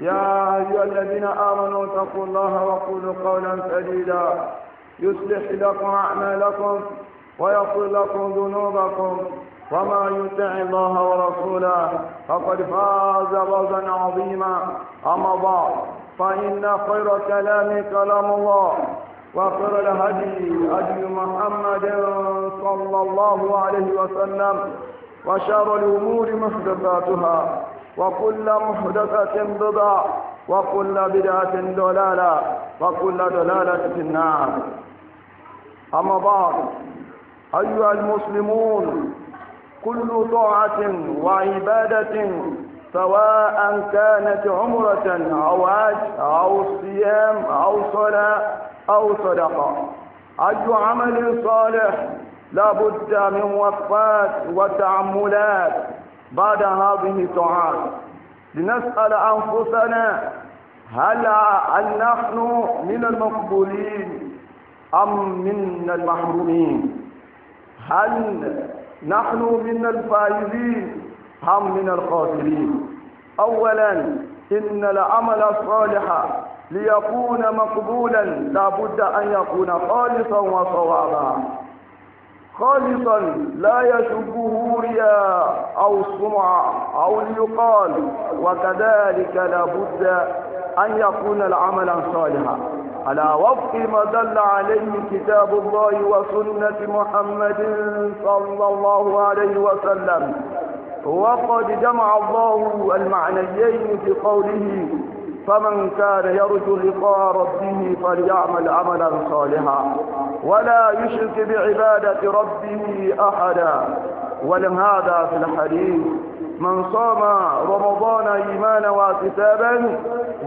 يا أيها الذين آمنوا اتقوا الله وقولوا قولا سديدا يصلح لكم أعمالكم ويغفر لكم ذنوبكم وما يطع الله ورسوله فقد فاز فوزا عظيما أما بعد فإن خير كلام كلام الله وخير الهدي هدي محمد صلى الله عليه وسلم وشر الأمور محدثاتها وكل محدثة بدعة وكل بدعة ضلالة وكل ضلالة في النار أما بعد أيها المسلمون كل طاعة وعبادة سواء كانت عمرة أو حج أو صيام أو صلاة أو صدقة أي عمل صالح لابد من وقفات وتعملات بعد هذه الدعاء لنسأل أنفسنا هل هل نحن من المقبولين أم من المحرومين هل نحن من الفائزين أم من الخاسرين أولا إن العمل الصالح ليكون مقبولا لابد أن يكون خالصا وصوابا خالصا لا يشبه رياء أو صمع أو ليقال وكذلك لابد أن يكون العمل صالحا على وفق ما دل عليه كتاب الله وسنة محمد صلى الله عليه وسلم وقد جمع الله المعنيين في قوله فمن كان يرجو لقاء ربه فليعمل عملا صالحا ولا يشرك بعبادة ربه أحدا ولهذا في الحديث من صام رمضان إيمانا واحتسابا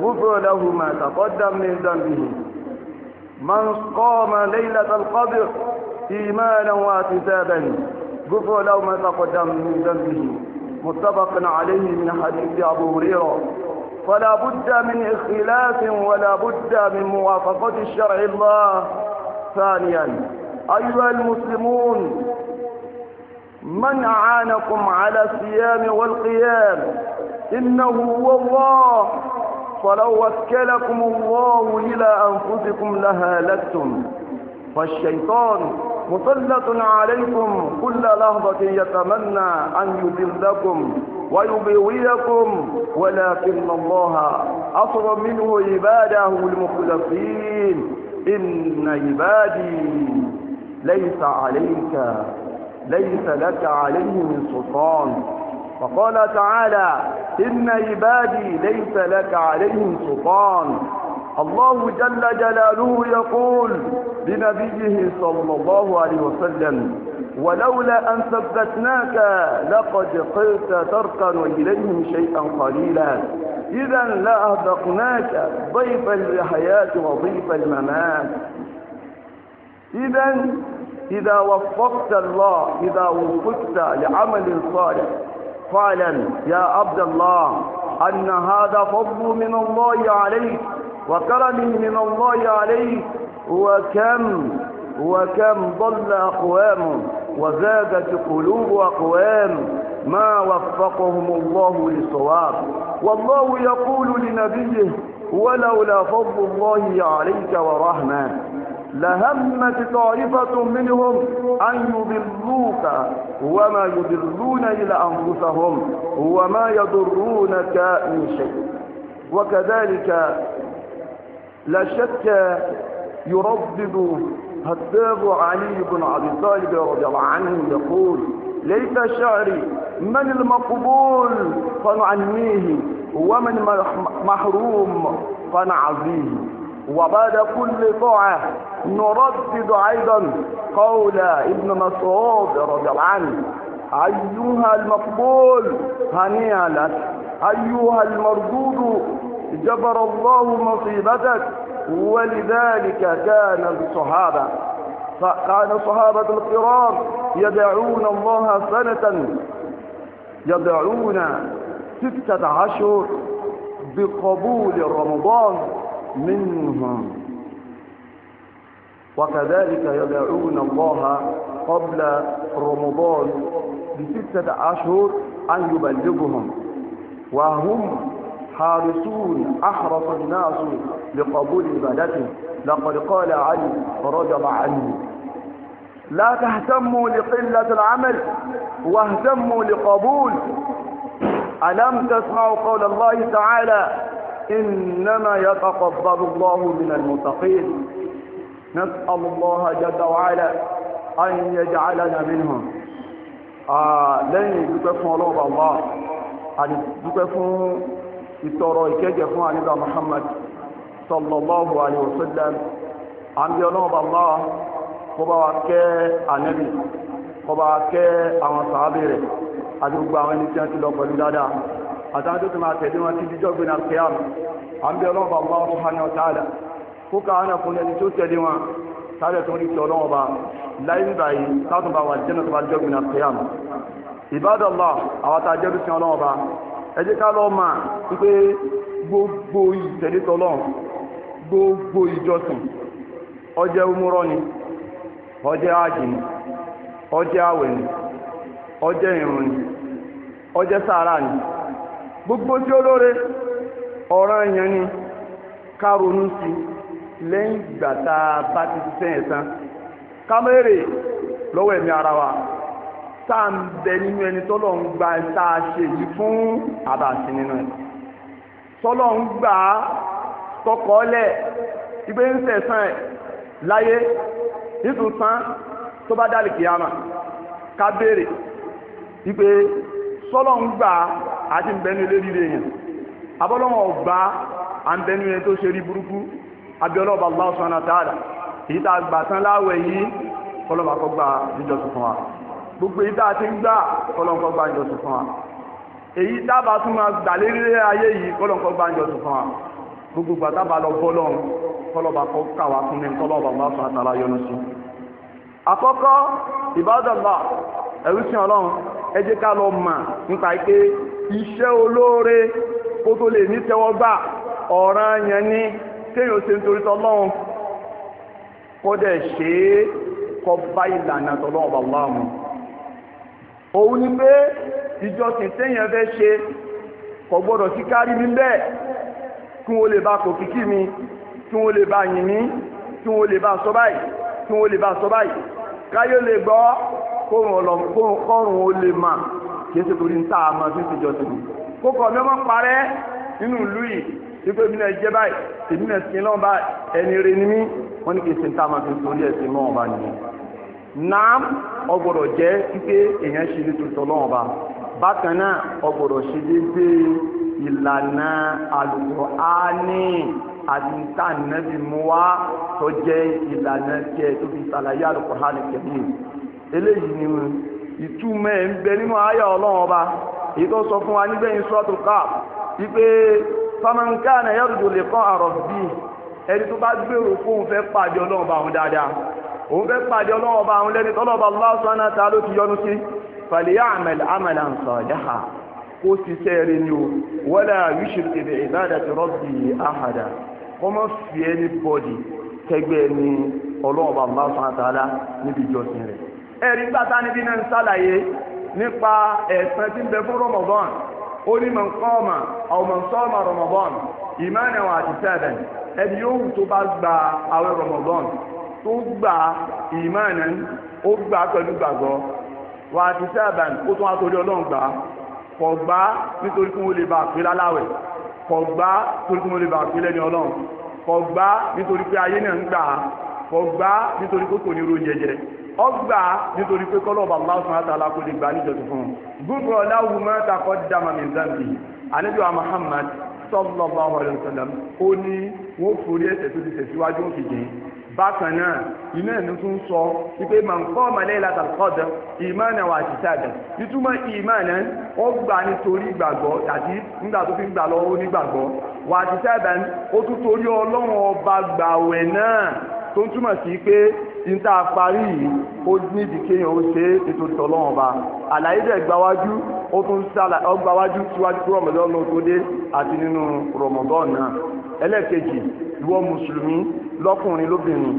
غفر له ما تقدم من ذنبه من قام ليلة القدر إيمانا واحتسابا غفر له ما تقدم من ذنبه متفق عليه من حديث أبو هريرة فلا بد من اختلاف ولا بد من موافقة الشرع الله ثانيا أيها المسلمون من أعانكم على الصيام والقيام إنه هو الله فلو وكلكم الله إلى أنفسكم لهالكتم فالشيطان مسلط عليكم كل لحظة يتمنى أن يذلكم ويبويكم ولكن الله أصر منه عباده المخلصين إن عبادي ليس عليك ليس لك عليه من سلطان فقال تعالى إن عبادي ليس لك عليهم سلطان الله جل جلاله يقول لنبيه صلى الله عليه وسلم ولولا أن ثبتناك لقد قلت تركن إليهم شيئا قليلا إذا لأهدقناك ضيف الحياة وضيف الممات إذا إذا وفقت الله إذا وفقت لعمل صالح فعلا يا عبد الله أن هذا فضل من الله عليك وكرمه من الله عليه وكم وكم ضل أقوام وزادت قلوب أقوام ما وفقهم الله للصواب والله يقول لنبيه ولولا فضل الله عليك ورحمة لهمت طائفة منهم أن يضلوك وما يضلون إلى أنفسهم وما يضرونك من شيء وكذلك لا شك يردد هتاب علي بن ابي طالب رضي الله عنه يقول ليس شعري من المقبول فنعنيه ومن محروم فنعزيه وبعد كل طاعة نردد أيضا قول ابن مسعود رضي الله عنه أيها المقبول هنيئا لك أيها المردود جبر الله مصيبتك ولذلك كان الصحابة فكان الصحابة الكرام يدعون الله سنة يدعون ستة عشر بقبول رمضان منهم وكذلك يدعون الله قبل رمضان بستة أشهر أن يبلغهم وهم حارسون أحرص الناس لقبول عبادته لقد قال علي رضي الله عنه لا تهتموا لقلة العمل واهتموا لقبول ألم تسمعوا قول الله تعالى إنما يتقبل الله من المتقين نسأل الله جل وعلا أن يجعلنا منهم آه لن يدوك فون الله أن يدوك ìtọrọ ìkẹ́jẹ fún àníbà Muhammad sallallahu alayhi wa sallam àmì ọlọ́ọ̀bà máa kó bá wa kẹ́ ànẹ́bì kó bá wa kẹ́ àwọn sàábì rẹ̀ àti gbogbo àwọn ẹni tí wọ́n ti lọ pẹ̀lú dáadáa àtàwọn tó ti máa tẹ̀lé wọn ti díjọ́ gbé náà kíá àmì ọlọ́ọ̀bà máa kó hàn yàn tààdà kó ká hàn fún ẹni tó tẹ̀lé wọn tààdà tó ń ti ọlọ́ọ̀bà ẹ ma ká gbogbo ìtẹ̀lẹ́tọ̀ Ọlọ́run gbogbo ìjọsìn ọjẹ́ umúrọ́ ni ọjẹ́ ájì ni ọjẹ́ àwẹ̀ ni ọjẹ́ ìrun ni ọjẹ́ sàárà ni gbogbo tí ó lóore ọ̀ràn èèyàn ni ká sí lẹ́yìn ìgbà bá ti tán lọ́wọ́ ẹ̀mí ara wa tá à ń bẹ nínú ẹni tọ́lọ̀ ń gba tá a ṣe yìí fún àbàṣì nínú ẹ̀ tọ́lọ̀ ń gbà á tọkọ́lẹ̀ ìgbé ń sẹ̀sán ẹ̀ láyé nítòsán tó bá dálì kìyàmà ká béèrè ìgbé tọ́lọ̀ ń gbà á àti ń bẹ nínú ilé líle yẹn abọ́lọ́wọ̀n ọ̀gbà à ń bẹ nínú ẹni tó ṣe rí burúkú abiyọ́lọ́ba Allah subhanahu wa ta'ala èyí tá a gbà tán láwẹ̀ yìí kọ́lọ́ba kọ́ gba níjọ́sìn fún wa gbogbo èyí tá a ti ń gbà kọlọ́nkọ́ gba ìjọsìn fún wa èyí tábà tún máa gbà lérí ayé yìí kọlọ́nkọ́ gba ìjọsìn fún wa gbogbo ìgbà tábà lọ bọ́lọ́n kọlọ́ba kọ́ káwa fún mi kọlọ́ba bá fún àtàlà yọnu sí. àkọ́kọ́ ìbádọ́lá ẹ̀rú sí ọlọ́run ẹ jẹ́ ká lọ mà nípa pé iṣẹ́ olóore kó tó lè ní tẹ́wọ́gbà ọ̀ràn yẹn ní kéèyàn ṣe nítorí tọ́lọ́run kó dẹ̀ ṣe é kọ́ bá ìlànà tọ́lọ́run bàbá mu òun ni pé ìjọsìn téèyàn fẹ́ ṣe kò gbọ́dọ̀ sí kárí mi bẹ́ẹ̀ kí wọ́n lè bá kòkìkí mi kí wọ́n lè bá yìn mí kí wọ́n lè bá sọ báyìí kí wọ́n lè bá sọ báyìí káyé lè gbọ́ kórùn ó lè mà kí ẹsẹ̀ torí ń tà á máa fi ń ṣèjọ kókò mi ọmọ parẹ́ nínú ìlú yìí wípé mi náà jẹ́ báyìí èmi náà sin náà bá ẹni rẹ ni mí wọ́n ní kí ẹsẹ̀ ń tà á máa torí ẹ̀sìn náà bá nìyẹn. naam ọgbọ́dọ̀ jẹ́ pípé èèyàn ṣe ní tuntun náà ọba bákan náà ọgbọ́dọ̀ ṣe déédéé ìlànà àti níta nàbì tó ìlànà tiẹ̀ tó fi ṣàlàyé Al-Qur'ani kẹ́lẹ́ eléyìí ni ìtumọ̀ ẹ̀ ń bẹ nínú ọlọ́run ọba èyí tó sọ fún wa nígbẹ̀yìn sọ́ọ̀tù wípé ẹni tó bá gbèrò fóun fẹ́ pàdé ọlọ́run ọba dáadáa òun fẹ́ pàdé ọlọ́wọ́ bá àwọn lẹ́ni tọ́lọ́ba Allah subhanahu wa ta'ala ló ti yọnu sí falya'mal 'amalan salihan kó ṣiṣẹ́ rẹ̀ ni o wala yushrik bi ibadati rabbihi ahada kọ́mọ́ fi ẹni bọ́dì kẹgbẹ́ ni ọlọ́wọ́ bá Allah subhanahu wa ta'ala níbi ìjọsìn rẹ̀ ẹ̀rí gbàtà níbi náà ń sàlàyé nípa ẹ̀sán tí ń bẹ fún Ramadan ó ní man qama aw man tó gbà ìmánà ó gbà pẹ̀lú gbàgbọ́ wà á ti sábà ó tún wá torí ọlọ́run gbà kò gbà nítorí kí wọ́n lè bá àpè láláwẹ̀ kò gbà nítorí kí wọ́n lè bá àpè lẹ́ni ọlọ́run kò gbà nítorí pé ayé náà ń gbà kò gbà nítorí pé kò ní ro jẹjẹ ọgbà nítorí pé kọ́lọ́ọ̀bà Allah subhanahu wa ta'ala kò lè gbà níjọ́sìn fún un gbogbo lahu ma taqaddama min dhanbihi àlejò Muhammad sallallahu alaihi wasallam ó ní wọ́n forí ẹ̀ṣẹ̀ tó ti tẹ̀síwájú òkè jẹ́ bákan náà iná ẹ̀nu tún sọ wípé màǹkọ́ ọmọlẹ́ ìlàtà kọ́dọ̀ ìmánà wà àtìsá dẹ̀ ìtumọ̀ ìmánà ó gbà nítorí ìgbàgbọ́ àti nígbà tó fi ń gbà lọ́wọ́ onígbàgbọ́ wà àtìsá dẹ̀ ó tún torí ọlọ́run ọba gbàwẹ̀ náà tó ń túmọ̀ sí pé níta parí yìí ó níbi kéèyàn ó ṣe ètò ìtọ́lọ́run ọba àlàyé dẹ̀ gbáwájú ó tún sálà ọgbáwájú síwájú kúrò mọ́tò ọlọ́run tó dé àti nínú rọ̀mọ́gọ́ọ̀nà ẹlẹ́ẹ̀kejì ìwọ mùsùlùmí lọ́kùnrin lóbìnrin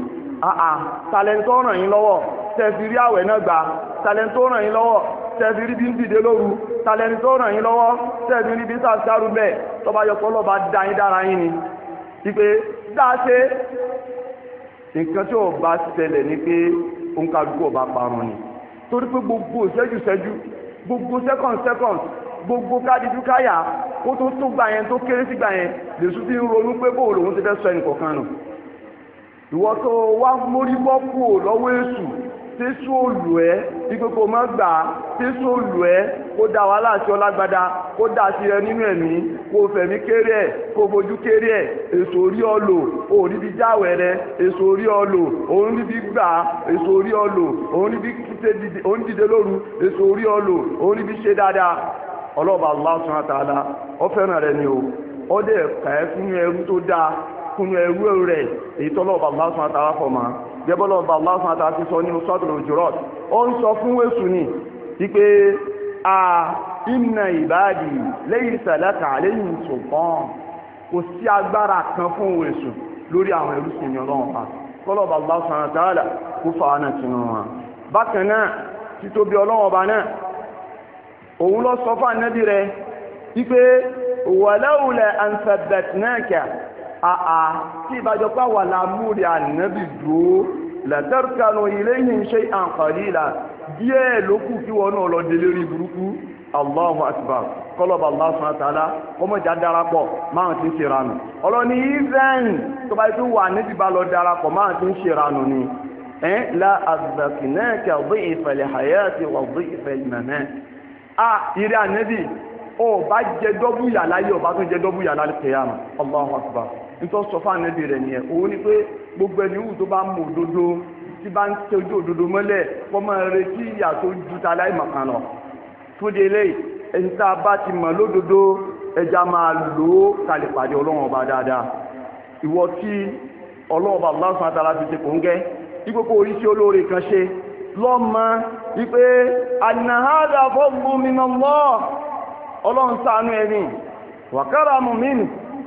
àà tàlẹ́ntọ́ ràn yín lọ́wọ́ tẹ̀sí rí àwẹ̀ náà gbà tàlẹ́ntọ́ ràn yín lọ́wọ́ tẹ̀sí rí bí ń dìde lóru tàlẹ́ntọ́ ràn yín lọ́wọ́ tẹ̀sí rí bí ń sàṣàrù bẹ́ẹ̀ tọ́ba yọpọ̀ lọ́ba da yín dára yín ni ìpè dáṣe nǹkan tí ò bá ṣẹlẹ̀ ni pé òǹkàdúgbò bá parun ni torí pé gbogbo ìṣẹ́jú ìṣẹ́jú gbogbo second second gbogbo kádìdú káyà kó tó tó gbà yẹn tó kéré sí gbà yẹn lèṣu ti ń ronú pé bóòlù òun ti fẹ́ sọ ẹnì kọ̀ọ̀kan nù ìwọ tó wá mórí bọ́ kú lọ́wọ́ èṣù tẹ́sù òlù ẹ́ ipe kò má gbà á tẹ́sù òlù ẹ́ kó da wàhálà àti ọlágbada kó da sí rẹ nínú ẹ̀mí kó fẹ̀mí kéré ẹ̀ kó ẹ̀ gbà á èso orí ọlò òun níbi dìde lóru èso orí ọlò òun o kunu ẹrú rẹ̀ èyí tọ́lọ́ ọba Allah subhanahu wa ta'ala fọ̀ mọ́ jẹ́bọ́lọ́ ọba Allah subhanahu wa ta'ala ti sọ nínú sọ́dún Hujurat ó ń sọ fún wẹ́sùn ni wípé a inna ibadi laysa laka alayhim sultan kò sí agbára kan fún wẹ́sùn lórí àwọn ẹrú sí ìyàn lọ́wọ́ pa tọ́lọ́ ọba Allah subhanahu wa ta'ala kó fa àánà tinú wọn. bákan náà títóbi ọlọ́wọ́ ọba náà òun lọ sọ fún ànábì rẹ̀ wípé wàláwùlẹ̀ àà tí ìbájọ pa wà lámúre ànábì dúró lẹ́tẹ̀rìkanu ilayhim shay'an qalila díẹ̀ ló kù kí wọn náà lọ délé rí burúkú allahu akbar kọlọba allah subhanahu wa ta'ala kọmọjà darapọ̀ máa ti ń ṣèrànù ọlọ́ni ìzẹ́n tó bá yẹ kó wà níbi bá lọ darapọ̀ máa ti ń ṣèrànù ni ẹ́n la àgbàkìnáàkà dhi'fa al-hayati wa dhi'fa al-mamat. a ìrẹ́ ànẹ́bì ó jẹ dọ́bù yàrá yìí tún jẹ dọ́bù yàrá kìyàmù Allahu akbar nítorí sọ fún ànábì rẹ̀ nìyẹn òun ni pé gbogbo ẹni wù tó bá mú òdodo tí bá ń tẹ ojú òdodo mọ́lẹ̀ kó máa retí ìyà tó ju ta láì mọ̀kan lọ. fúde eléyìí ẹni tá a bá ti mọ̀ lódodo ẹja máa lò ó kalẹ̀ pàdé ọlọ́run ọba dáadáa ìwọ tí ọlọ́run ọba Allah subhanahu wa ta'ala ṣe kò ń gẹ́ ipò kò oríṣi olóore kan ṣe lọ́mọ wípé ànàhádà fọ́ọ̀mù mímọ́ ọlọ́run ṣàánú ẹni wàkàrà mùmínú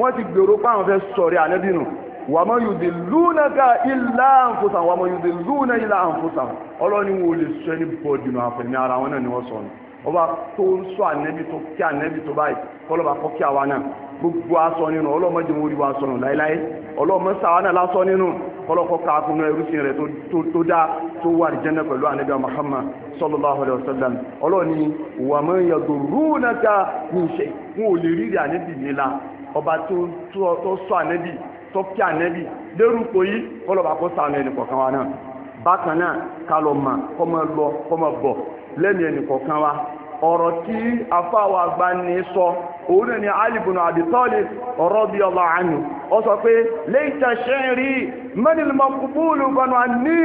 wọ́n ti gbèrò páwọn fẹ́ sọ̀rọ̀ ànábì nù wà mọ́ yùdì lúnà ká ilá àǹfọ̀sàn wà mọ́ yùdì lúnà ilá àǹfọ̀sàn ọlọ́ni wo lè sọ ẹni bọ́ọ̀dì nù àfẹ̀mí ara wọn náà ni wọ́n sọ ni ọba tó ń sọ ànábì tó kí ànábì tó báyìí kọlọ́ba kọ́ kí àwa náà gbogbo aṣọ nínú ọlọ́mọdé wọn ò rí wa sọnù láéláé ọlọ́mọ sáwa náà lásọ nínú kọlọ́kọ́ káàkùn ẹrúsìn rẹ̀ tó dá tó wà ní jẹ́nà pẹ̀lú ànábì Muhammad sallallahu alaihi wasallam ọlọ́ni wà mọ́ yàgò rúnà ká ní ìṣe wọn ò lè rí rí ànábì nílá ọba tó tó sọ ànẹ́bì tó kí ànẹ́bì lérúkọ yìí kọlọ́ba kó sànù ẹnì kọ̀ọ̀kan wa náà bákan náà kálọ̀ mà kọ́mọ lọ kọ́mọ bọ̀ lẹ́nu ẹnì wa ọ̀rọ̀ tí afáwọ̀ àgbà ní sọ òun náà ni Ali ibn Abi Talib radiyallahu anhu ó sọ pé laysa shi'ri man al-maqbulu banu anni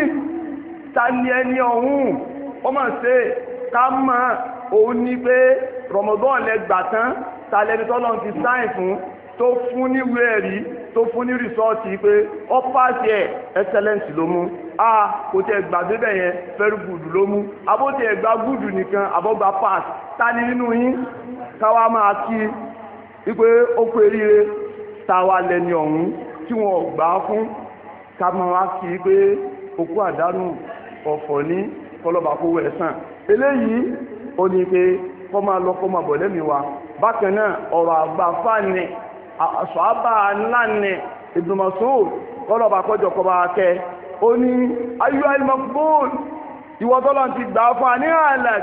ta ni ẹni ọ̀hún ó mà ṣe ká mọ̀ òun ní pé Ramadan lẹ gbà tán ta lẹni ti sáìn fún tó fún ní ìwé ẹ̀rí tó fún ní rìsọ́ọ̀tì pé ó pàṣẹ excellence ló mú a kò tẹ̀ gbà débẹ̀ yẹn very good ló mú abó tẹ̀ gbà good nìkan àbọ̀gbà pass ta ni nínú yín káwa máa kí wípé ó pé ríire táwa lẹni ọ̀hún tí wọn ò gbà fún ká máa wá kí pé òkú àdánù ọ̀fọ̀ ní kọlọ́ba kó wẹ̀ sàn eléyìí ó ní pé kọ́ máa lọ kọ́ máa bọ̀ lẹ́mìí wa bákan náà ọ̀rọ̀ àgbà fáànì sọ́ábà ńlá ni Ibn Mas'ud kọ́lọ́ba kọjọ kọba akẹ́ ó ní ayọ́ al-maqbul ìwọ tọ́lọ́ ti gbà fún wa ní àlẹ́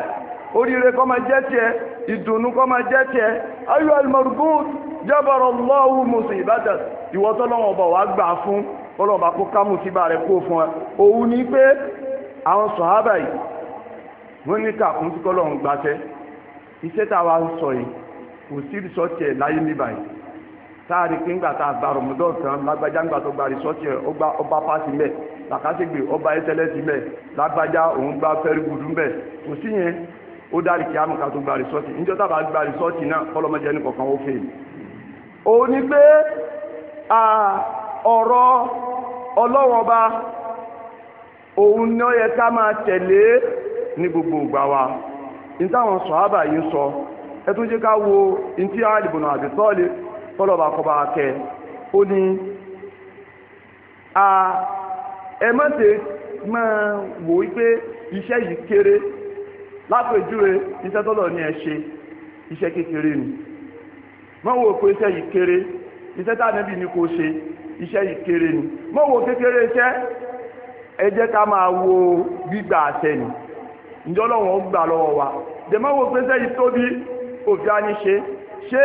oríire kọ́ máa jẹ́ tiẹ̀ ìdùnnú kọ́ máa jẹ́ tiẹ̀ ayọ́ al-mardud jabara Allahu musibata ìwọ tọ́lọ́ wọn bọ̀ wá gbà fún kọ́lọ́ba kó kámù sí bá rẹ̀ kó fún ẹ òun ni pé àwọn sọ̀hábà yìí wọ́n ní kàkún sí kọ́lọ́ wọn gbàṣẹ́ iṣẹ́ tá a wá sọ yìí kò sí ìsọ̀tì ẹ̀ láyé níbàyìí sáàrí pé ńgbà tá a gba rọmọdọ́n kan lágbájá ńgbà tó gba rìsọ́ọ̀tì ẹ̀ ó ọba pàṣẹ mẹ́ làkàṣègbè ọba ẹsẹlẹsì mẹ́ lágbájá òun gba fẹ́rìgùdù mẹ́ kò sí yẹn ó dárí kí tó gba rìsọ́ọ̀tì níjọ́ tá a bá gba rìsọ́ọ̀tì náà kọ́lọ́mọdé kọ̀ọ̀kan ó fè é. pé ọ̀rọ̀ ọlọ́wọ́n ba òun yẹ ká máa tẹ̀lé ní gbogbo kọ́lọ́ba kọ́ba kẹ ó ní ẹ má ṣe máa wò wípé iṣẹ́ yìí kéré lápèjúwe iṣẹ́ tọ́lọ̀ ní ẹ ṣe iṣẹ́ kékeré ni má wò pé iṣẹ́ yìí kéré iṣẹ́ tá níbi ni kò ṣe iṣẹ́ yìí kéré ni má wò kékeré iṣẹ́ ẹ jẹ́ ká máa wo gbígbà àṣẹ ni ǹjọ́ lọ́wọ́n gbà lọ́wọ́ wa dẹ̀ má wò pé iṣẹ́ yìí tóbi òbí á ní ṣe ṣe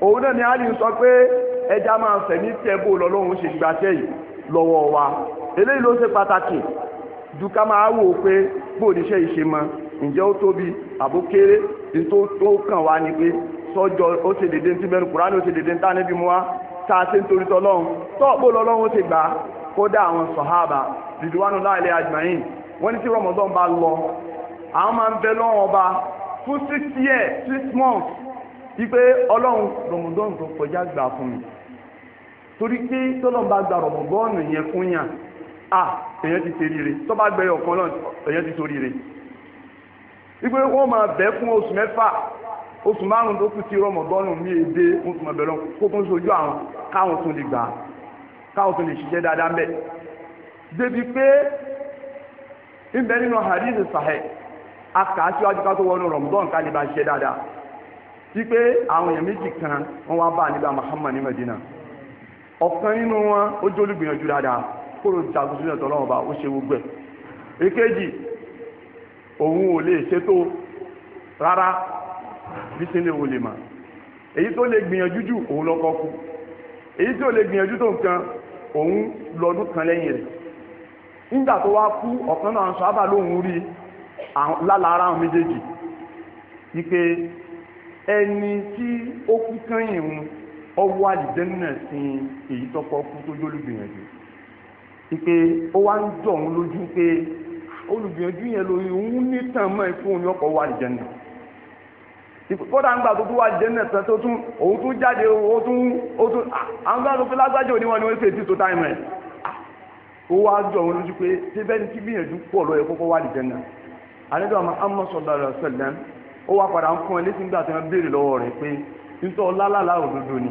òun náà ni ali sọ pé ẹja máa fẹ̀mí tẹ bó lọ́lọ́run ṣe gbàṣẹ́ yìí lọ́wọ́ wa eléyìí ló ṣe pàtàkì ju ká máa wò ó pé bó o níṣẹ́ ìṣe mọ ǹjẹ́ ó tóbi àbó kéré tó tó kàn wá ni pé sọ́jọ́ ó ṣe dédé ní tìmẹ́nu kùránì ó ṣe dédé ní tánẹ́bí mu wá tá a ṣe ń torí tọ́lọ́run tọ́ọ̀pọ̀ lọ́lọ́run ó ṣe gbà á kódà àwọn sọ̀háàbà rìdíwánú láìlé àjùmáyìn wọ́n ní tí rọmọdán bá lọ àwọn máa ń bẹ lọ́wọ́ ọba fún six years six months wípé ọlọ́run rọmọdọ́nù tó kọjá gbà fún mi torí pé tọ́lọ́n bá gba rọmọdọ́nù yẹn fún yàn à èyàn ti ṣe rire tó bá gbẹ̀yọ̀ kan náà èyàn ti so rire wípé wọ́n máa bẹ̀ fún oṣù mẹ́fà oṣù márùn tó kù sí rọmọdọ́nù mi èdè oṣù mọ̀bẹ̀rẹ̀ kó tó ń sojú àwọn káwọn tún lè gbà káwọn tún lè ṣiṣẹ́ dáadáa mbẹ́ débi pé ń bẹ nínú hadith sahih akàá síwájú ká tó wọnú rọmọdọ́nù ká lè bá ṣiṣẹ́ dáadáa sí pé àwọn èèyàn méjì kan wọ́n wá bá nígbà Muhammad ní Medina ọ̀kan nínú wọn ó jẹ́ olùgbìyànjú dáadáa kóró jagun sílẹ̀ tọ́lọ́wọ́n bá ó ṣe gbogbo ẹ̀ èkejì òun ò lè ṣètò rárá bí ṣe lè wò lè mà èyí tó lè gbìyànjú jù òun lọ́kọ́ kú èyí tí lè gbìyànjú tó nǹkan òun lọ́dún kan lẹ́yìn rẹ̀ nígbà tó wá kú ọ̀kan náà sọ ábà rí lálára àwọn méjèèjì wípé ẹni tí ó kú kẹ́yìn ń ọwọ́ àlìjẹ́nà sí èyí tọ́pọ̀ kú tó lólùgbìyànjú pípé ó wá ń jọ òun lójú pé olùgbìyànjú yẹn lórí òun ní tàn mọ́ ikú òun yọkọ̀ wà àlìjẹ́nà kódà ń gbà tó tún wà àlìjẹ́nà tán tó tún òun tún jáde ó tún ó tún àwọn gbà tó fi lágbájọ òní wọn ni wọ́n ṣe ètí tó táìmù ẹ̀ ó wá jọ òun lójú pé ṣé bẹ́ẹ̀ ni kí gbìyànjú pọ̀ lọ́yẹ kọ́kọ́ wà àlìjẹ́nà àlejò àmọ́ àmọ́ sọ̀dọ̀ ó wá padà ń fún ẹ létí nígbà tí wọ́n béèrè lọ́wọ́ rẹ̀ pé nítorí ọlálàlà òdodo ni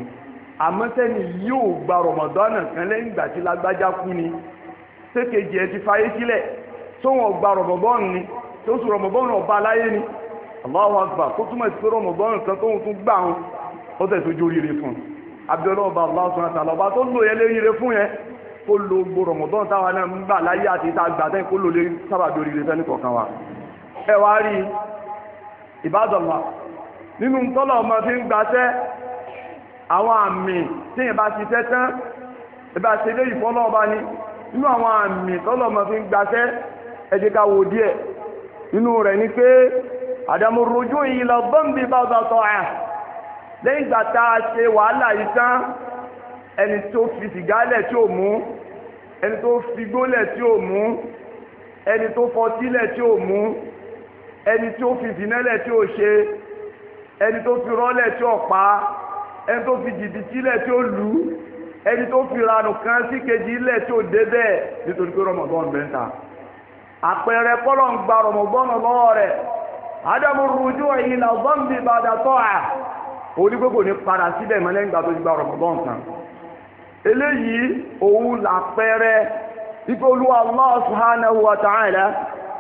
àmọ́ sẹ́ni yóò gba rọ̀mọ̀dọ́nà kan lẹ́yìn ìgbà tí lágbájá kú ni sékejì ẹ ti fayé sílẹ̀ tó wọn gba ni tó sùn rọ̀mọ̀dọ́nù ọba aláyé ni Allahu Akbar kó túmọ̀ sí pé rọ̀mọ̀dọ́nù kan tóun tún gbà wọn ó tẹ̀ sójú oríire fún un abiola ọba Allah subhanahu wa ta'ala ọba tó lò yẹ léríire fún yẹn kó lo gbogbo rọ̀mọ̀dọ́nù táwa náà ń gbà láyé àti ìbádọ́lá nínú tọ́lọ̀ ọmọ fi ń gbaṣẹ́ àwọn àmì tí ìbá ti tẹ́ tán ìbá ṣe lé ìfọ́lọ́ ọba ni nínú àwọn àmì tọ́lọ̀ ọmọ fi ń gbaṣẹ́ ẹ jẹ́ ká wò díẹ̀ nínú rẹ̀ ni pé àdàmú rojú yìí lọ bọ́ǹbì bá ọba tọ́ ẹ̀ lẹ́yìn ìgbà tá a ṣe wàhálà yìí tán ẹni tó fi sìgá lẹ̀ tí ò mú ẹni tó fi gbólẹ̀ tí ò mú ẹni tó fọtílẹ̀ tí ò mú ẹni tí ó fi fìnẹ́lẹ̀ tí ó ṣe ẹni tó fi rọ́lẹ̀ tí ó pa ẹni tó fi jìbìtì lẹ̀ tí ó lù ú ẹni tó fi ranù kan sí kejì lẹ̀ tí ó dé bẹ́ẹ̀ nítorí pé rọmọgbọ́n bẹ́ẹ̀ ta àpẹẹrẹ kọ́lọ̀ ń gba rọmọgbọ́n lọ́wọ́ rẹ̀ ádámù bàdà ní padà síbẹ̀ tó ti gba rọmọgbọ́n eléyìí òun làpẹẹrẹ ikú olúwa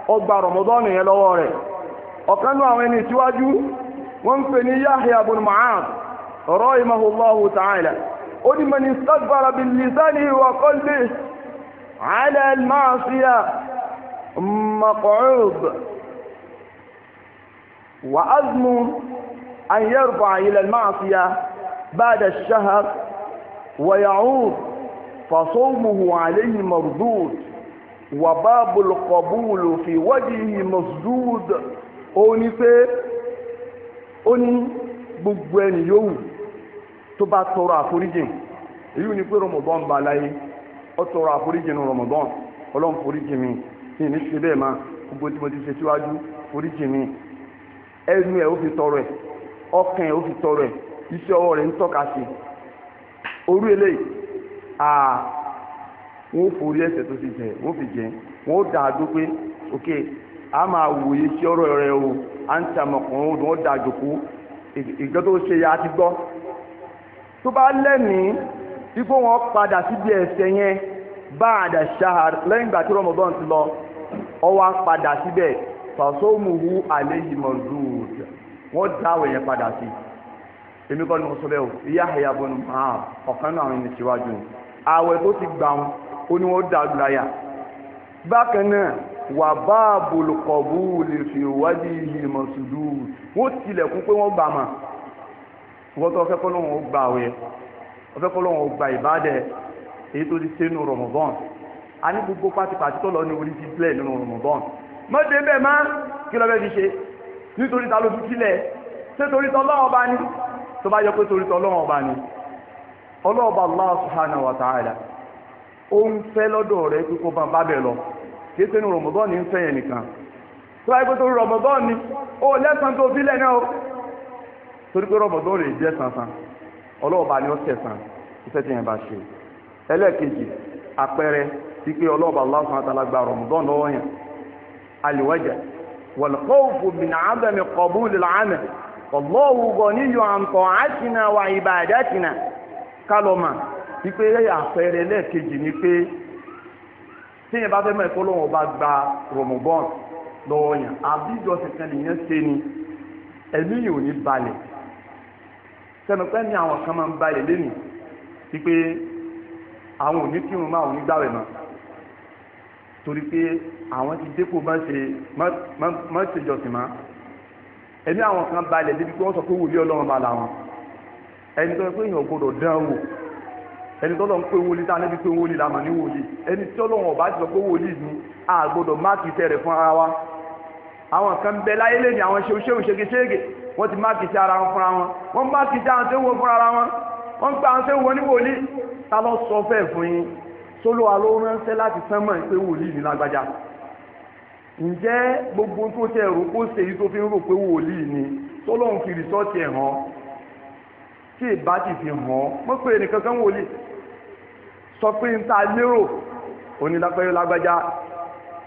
ó gba rọmọdọ́ọ̀nù yẹn lọ́wọ́ rẹ̀ ọ̀kan nú àwọn ẹni ìtíwájú wọ́n ń pè ní Yahya ibn Ma'ad rahimahullahu ta'ala ó ní man istaghfara bilisanihi wa qalbihi ala al-ma'siya maq'ud wa azmu an yarfa ila al-ma'siya ba'da ash-shahr wa ya'ud fasawmuhu alayhi mardud wàbáàbò lọ́kọ̀bù lòfin wájú yìí mọ̀sùdúd ó ní pé ó ní gbogbo ẹni yòówù tó bá tọrọ àforíjìn èyí ni pé rọmọdán bá láyé ó tọrọ àforíjìn ní ọlọ́run foríjìn mi ní ní ṣe bẹ́ẹ̀ máa gbogbo tí mo ti ṣe síwájú foríjìn mi ẹnu ẹ̀ ó fi tọrọ ẹ̀ ọkàn ẹ̀ ó fi tọrọ ẹ̀ iṣẹ́ ọwọ́ rẹ̀ ń tọ́ka sí orí eléyìí wọn ó forí ẹ̀ṣẹ̀ tó ti jẹ wọn ó fi jẹ wọn ó dàá dó pé ok a máa wòye sí ọ̀rọ̀ rẹ o à ń tàmọ kàn ó wọn dàá jòkó ìgbà tó ṣe ya ti gbọ́ tó bá lẹ́mìí ipò wọn padà síbi ẹ̀ṣẹ̀ yẹn bá àdà ṣáà lẹ́yìn ìgbà tí rọmọdún ti lọ ọwọ́ padà síbẹ̀ fàṣọ́mùhù àléyìí mọ̀dúùd wọ́n dáwọ̀ yẹn padà sí èmi kọ́ ni mo sọ bẹ́ẹ̀ o ìyá àyàbọ̀ nù máa ọ̀kan náà àwọn ènìyàn síwájú àwẹ̀ tó ti gbà wọn ó ní wọ́n dàlú láyà bákan náà wà bá àbòlùkọ̀bù lè fi ìwádìí ìlú mọ̀sùlù wọ́n tilẹ̀kùn pé wọ́n bà mà wọ́n tó fẹ́ kọ́ lóun ó gbà wẹ̀ ọfẹ́ ìbádẹ́ èyí tó ti ṣe nù rọ̀mọ̀bọ́n a ní gbogbo pátipàti tó lọ ní orí ti plẹ̀ nínú rọ̀mọ̀bọ́n mọ́tò ẹ̀bẹ̀ má kí lọ́ọ́ bẹ́ẹ̀ fi ṣe nítorí ta ló fi sílẹ̀ ṣé torí tọ́lọ́wọ́ bá ní tó bá yọ pé torí tọ́lọ́wọ́ bá ní ọlọ́ọ̀bà Allah subhanahu wa ta'ala ó ń fẹ́ lọ́dọ̀ rẹ pé kó bá lọ kí sínú rọmọdọ́n ní ń fẹ́ yẹn nìkan tó ni o torí pé rọmọdọ́n rè jẹ́ sànsàn ọlọ́ọ̀bá ni ó tẹ̀sán iṣẹ́ tí yẹn bá ṣe ẹlẹ́ẹ̀kejì àpẹẹrẹ ti pé ọlọ́ọ̀bá Allah subhanahu wa ta'ala lọ́wọ́ yẹn alìwájà wàlúkọ́ọ̀fù bìnnà ábẹ́mi kọ̀bú lìlànà ọlọ́ọ̀wù wípé àpẹẹrẹ lẹ́ẹ̀kejì ni pé téèyàn bá fẹ́ mọ̀ ẹ̀kọ́ lọ́wọ́ bá gba rọ̀mọ̀bọ́n lọ́wọ́ yẹn àbíjọ kankan nìyẹn ṣe ni ẹ̀mí yìí ò ní balẹ̀ sẹ́nupẹ́ ni àwọn kan máa ń balẹ̀ lẹ́nu wípé àwọn ò ní kírun máa ò ní gbàwẹ̀ mọ́ torí pé àwọn ti dépò má ṣe jọ̀sìn má ẹ̀mí àwọn kan balẹ̀ débi pé wọ́n sọ pé wòlíọ́ lọ́wọ́ bá làwọn ẹni tó yẹ pé èèyàn gbọ́dọ̀ dán wò ẹni tó lọ́n pé wòlíì tá a níbi pé wòlíì la mọ̀ ní wòlíì ẹni tí ọlọ́run ọba ti sọ pé wòlíì ni a gbọ́dọ̀ máàkì iṣẹ́ rẹ̀ fún ara wa àwọn kan bẹ láyé lé ní àwọn ṣe oṣèlú ṣégeṣége wọ́n ti máàkì iṣẹ́ ara wọn fúnra wọn wọ́n máàkì iṣẹ́ àwọn tó ń wo fúnra ara wọn wọ́n gba àwọn tó ń wo ní wòlíì ta ló sọ fẹ́ fún yín sólò wa ló ránṣẹ́ láti sán mọ̀ pé wòlíì ni lágbájá ǹjẹ́ gbogbo tó tẹ̀ rò kó ṣèyí tó fi ń rò pé wòlíì ni sólò ń fi rìsọ́ọ̀tì ẹ̀ hàn tí ìbájì fi hàn án mọ́ pé nìkan kan wòlíì sọ pé ń ta lérò onílápẹ́rẹ́ lágbájá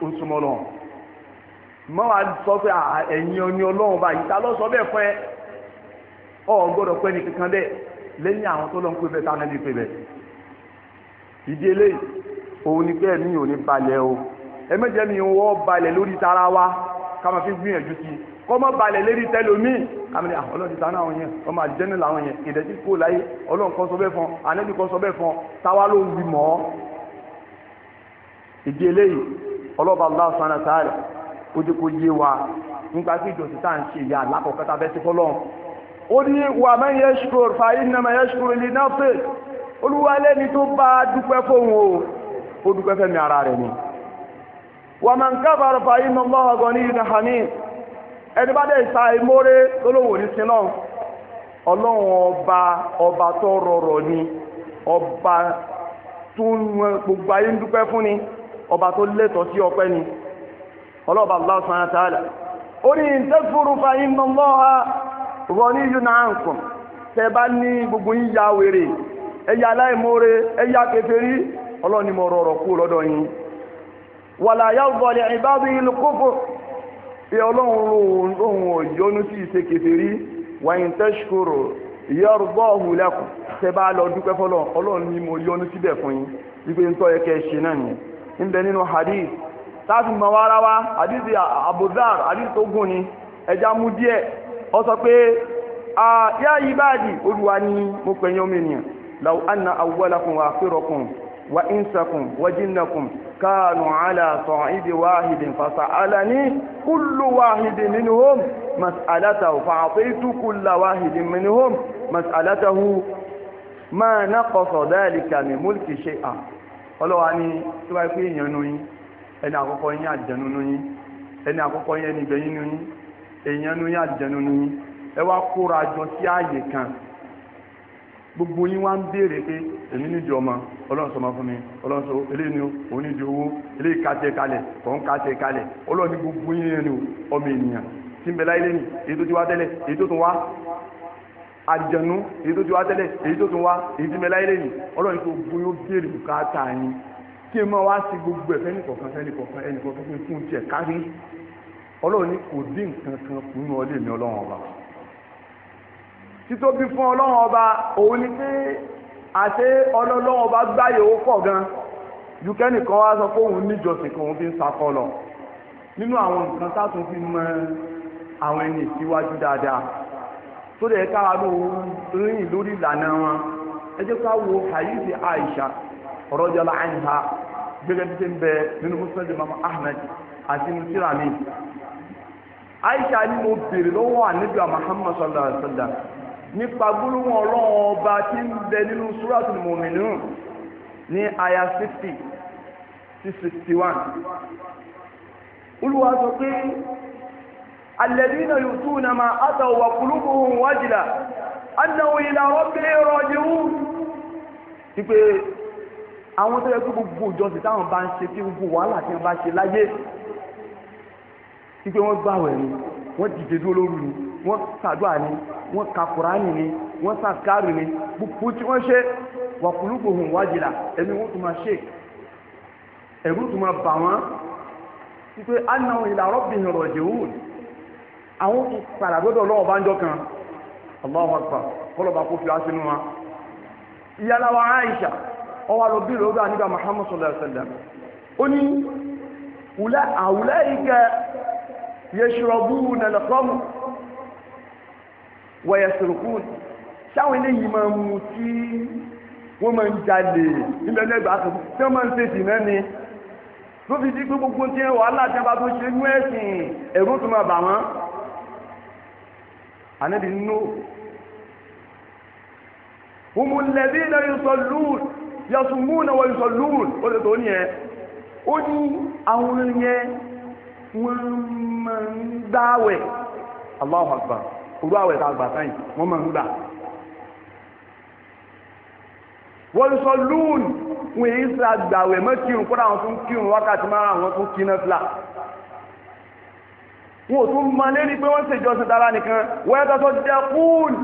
ó súnmọ́ lọ́wọ́ mọ́ wa sọ pé ẹ̀yin ọ̀ni ọlọ́run báyìí ta ló sọ bẹ́ẹ̀ fún ẹ ọ̀ gbọ́dọ̀ pẹ́ nìkan kan bẹ́ẹ̀ lẹ́yìn àwọn tó lọ ń pè bẹ́ẹ̀ táwọn ẹni pè bẹ́ẹ̀ ìdí eléyìí òun ni pé ẹ̀mí ò ní balẹ̀ o ẹ̀mẹ́jẹ̀ mi wọ́ balẹ̀ lórí tara wa ká máa fi gbìyànjú sí i kọ́mọ́ balẹ̀ lérí tẹlomiin àmì ah, ọlọ́ọ̀dì tánà àwọn yẹn ọmọ àjẹnú làwọn yẹn ìdẹ́jú kó láyé ọlọ́run kan sọ bẹ́ẹ̀ fún anẹ́bí kan sọ bẹ́ẹ̀ fún táwa ló ń wí mọ́ ìdí eléyìí ọlọ́ba Allah sanà sáré ó dé kó yé wa nígbà tí ìjọsìn tá à ń ṣe ìyá alákọ̀ọ́kọ́ tá a fẹ́ sí fọlọ́run ó ní wà man yashkur fa innama yashkuru li nafsi olúwalẹ́ni tó bá dúpẹ́ fóun o ó dúpẹ́ fẹ́mi ara rẹ̀ ni wà man kafara fa inna Allaha ghaniyyun hamid ẹni bá dẹ̀ sa ìmórè lólówó ní sinọ́ọ̀ ọlọ́run ọba ọba tó rọrọ̀ ni ọba tó gbogbo ayé ń dúpẹ́ fún ni ọba tó lẹ́tọ̀ọ́ sí ọpẹ́ ni ọlọ́ọ̀bà Allah ó ní gbogbo yín ya wèrè ẹ̀yà aláìmoore ọlọ́ọ̀ni rọrọ̀ kú ihe ọlọ́run ohun òyọ́nú sí ìṣe kèfèrí wàyìn tẹ́ṣkòrò ìyọ́rùbọ́ ọ̀hún lẹ́kùn tẹ́ bá lọ dúpẹ́ fọlọ́ ọlọ́run ni mo síbẹ̀ fún yín wípé ntọ́ yẹ kẹ́ ẹ ṣe náà nìyẹn ń bẹ nínú hadith táàfì abudar hadith tó gùn ni ẹja mú sọ pé yá ni mo pẹ̀yìn ènìyàn وإنسكم وجنكم كانوا على صعيد واحد فسألني كل واحد منهم مسألته فأعطيت كل واحد منهم مسألته ما نقص ذلك من ملك شيئا ọlọ́wà ní tí wáyé pé èèyàn nú yín ẹni àkọ́kọ́ yín àjẹnú nú yín ẹni àkọ́kọ́ yín ẹni gbẹ̀yìn nú yín èèyàn nú yín àjẹnú nú yín ẹ wá kóra jọ sí ààyè kan gbogbo yín wá ń béèrè pé èmi nídi ọmọ ọlọ́run sọmọ fún mi ọlọ́run sọ eléyìí ni ó nídi owó eléyìí kàtẹ́ kalẹ̀ kọ́ń kàtẹ́ kalẹ̀ ọlọ́run gbogbo yín ni ọmọ ènìyàn tí ń bẹ láyé lẹ́yìn èyí tó ti wá tẹ́lẹ̀ èyí tó tún wá àjẹnú èyí tó ti wá tẹ́lẹ̀ èyí tó tún wá èyí tí ń bẹ láyé lẹ́yìn ọlọ́run tó gbogbo yóò béèrè bùkátà yín kí ẹ máa wá sí gbogbo ẹ̀ fẹ́nìkọ̀kan fẹ́nìkọ̀kan títóbi fún ọlọ́run ọba òun ni pé ọlọ́run ọba gbáyé gan ju nìkan wá sọ pé òun níjọsìn kan òun fi ń nínú àwọn nǹkan sátún fi mọ àwọn ẹni ìsíwájú dáadáa tó dẹ̀ ká ló rìn lórí ìlànà wọn ẹ jẹ́ wo ṣe ń bẹ nínú Ahmed àti nusirami ni mo lọ́wọ́ Muhammad sallallahu nípa gbólóhùn ọlọ́run ọba tí ń bẹ nínú súrátùl mùmínùn ní aya sixty sí sixty one olùwà sọ pé alladhina yu'tuna ma ataw wa qulubuhum wajila annahum ila rabbihim raji'un wípé àwọn tó yẹ kó gbogbo ìjọsìn táwọn bá ń ṣe kí gbogbo wàhálà tí wọn bá ṣe láyé wípé wọn gbàwẹ̀ ni wọn dìde dúró lóru wọn ṣàdúrà ni wọ́n ka kuraani ni wọ́n sa kaaru ni gbogbo tí wọ́n ṣe wà kulubuhum wajila ẹ̀mí wọ́n tún máa ṣe ẹ̀rú tún máa bà wọ́n wípé annahum ila rabbihim raji'un àwọn tún padà gbọ́dọ̀ lọ́wọ́ bá ń jọ kan Allahu akbar kọlọba kó fi wá sínú wa ìyálàwà Aisha ọwọ́ lọ bí lóògbé àníbà Muhammad sallallahu alaihi wasallam ó ní àwùlẹ́ ìkẹ́ yashrabuna al-khamr wọ̀yẹ̀sùrùkún sáwọn eléyìí máa ń mu tí wọ́n máa ń jalè níbẹ̀ lẹ́gbàá kan tí wọ́n máa ń ṣe ìdìnnà ni tó fi di pé gbogbo tí wàhálà tí a bá tó ṣe ní ẹ̀sìn ẹ̀rú tó máa bà wọ́n ànábì nínú òmùlẹ̀bí náà yóò sọ lùún yasùnmú náà wọ́n yóò sọ lùún ó lè tó ní ó ní àwọn yẹn wọ́n máa ń gbáwẹ̀ Allahu Akbar òru àwẹ̀ tá a gbà sáyìn wọ́n máa ń gbà wọ́n sọ lóòní wọ́n èyí sọ àgbàwẹ̀ mọ́ kírun kọ́dà wọn tún kírun wákàtí márùn àwọn tún kí fìlà wọn ò tún máa lérí pé wọ́n ṣe ìjọsìn tara nìkan wọ́n yàtọ̀ tó jẹ́ fúùlù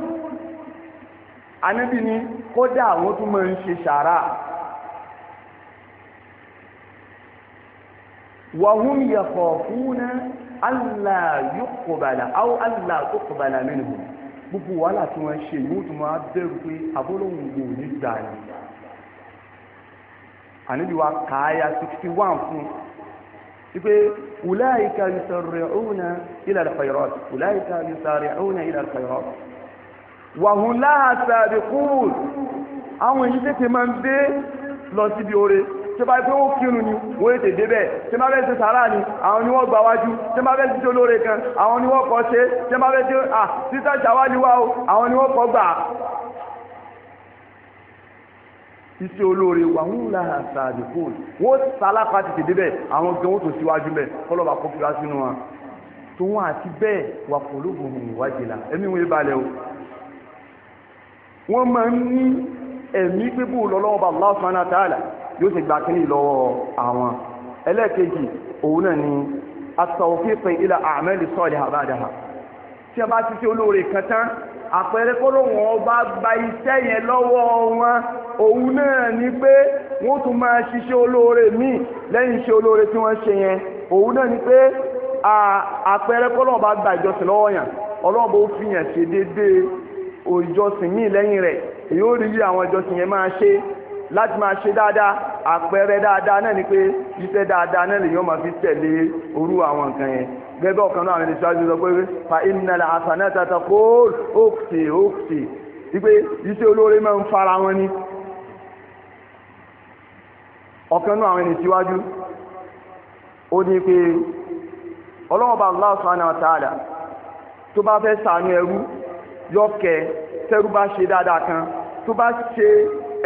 àníbi ni kódà tún máa ń ṣe sàárà wàhùn yẹ̀fọ̀ fún náà allah yuqbala aw allah tuqbala minhum gbogbo wàhálà tí wọ́n ṣe yóò tún máa bẹ̀rù pé abọ́lọ́hùn gbò ní gbà àníbi wa kàáyà 61 fún wípé ulaika yusarri'una ila al-khayrat ulaika yusarri'una ila al-khayrat wa hum laha sabiqun àwọn èyí tètè máa ń dé lọ síbi oore tí bá pé ó kírun ni wọ́n ètè débẹ̀ tí bá fẹ́ ṣe sàrà ni àwọn ni wọ́n gbà wájú tí bá fẹ́ ṣe olóore kan àwọn ni wọ́n kọ́ ṣe tí bá fẹ́ ṣe à títà ṣàwálì wá o àwọn ni wọ́n kọ́ gbà. iṣẹ́ olóore wà ń la àṣàdì fóònù wọ́n sálápá tètè débẹ̀ àwọn gan wọ́n tó síwájú mẹ́ kọ́lọ́ba kó fira sínú wọn tòun àti bẹ́ẹ̀ wà polówó ìwádìí la ẹ̀mí wọn balẹ̀ o wọ́n máa ń ní ẹ̀mí pé bó lọ́lọ́wọ́ bá Allah subhanahu wa ta'ala yóò ṣe gba kíní lọ́wọ́ àwọn ẹlẹ́ẹ̀kejì òun náà ni asọ̀fífẹ́ ilẹ̀ àmẹ́lì sọ́ọ̀lì àbádáha tí a bá ti ṣe olóore kan tán àpẹẹrẹ kọ́lọ́ wọn bá gba iṣẹ́ yẹn lọ́wọ́ wọn òun náà ni pé wọ́n tún máa ṣiṣẹ́ olóore míì lẹ́yìn iṣẹ́ olóore tí wọ́n ṣe yẹn òun náà ni pé àpẹẹrẹ kọ́lọ́ bá gba ìjọsìn lọ́wọ́ yàn ọlọ́ọ̀bù ó fi yàn ṣe déédéé ìjọsìn míì lẹ́yìn rẹ̀ èyí ó rí àwọn ìjọsìn yẹn máa ṣe láti máa ṣe dáadáa àpẹẹrẹ dáadáa náà ni pé iṣẹ́ dáadáa náà lèyàn máa fi tẹ̀lé orú àwọn nǹkan yẹn gẹ́gẹ́ ọ̀kan náà àwọn ènìyàn ṣáájú sọ pé fa ìnàlẹ̀ àṣànà tata kóòl òkè òkè wípé iṣẹ́ olóore máa ń fara wọn ni ọ̀kan náà àwọn ènìyàn ṣíwájú ó ní pé ọlọ́wọ́ba Allah subhanahu wa ta'ala tó bá fẹ́ ṣàánú ẹrú yọkẹ tẹrú bá ṣe dáadáa kan tó bá ṣe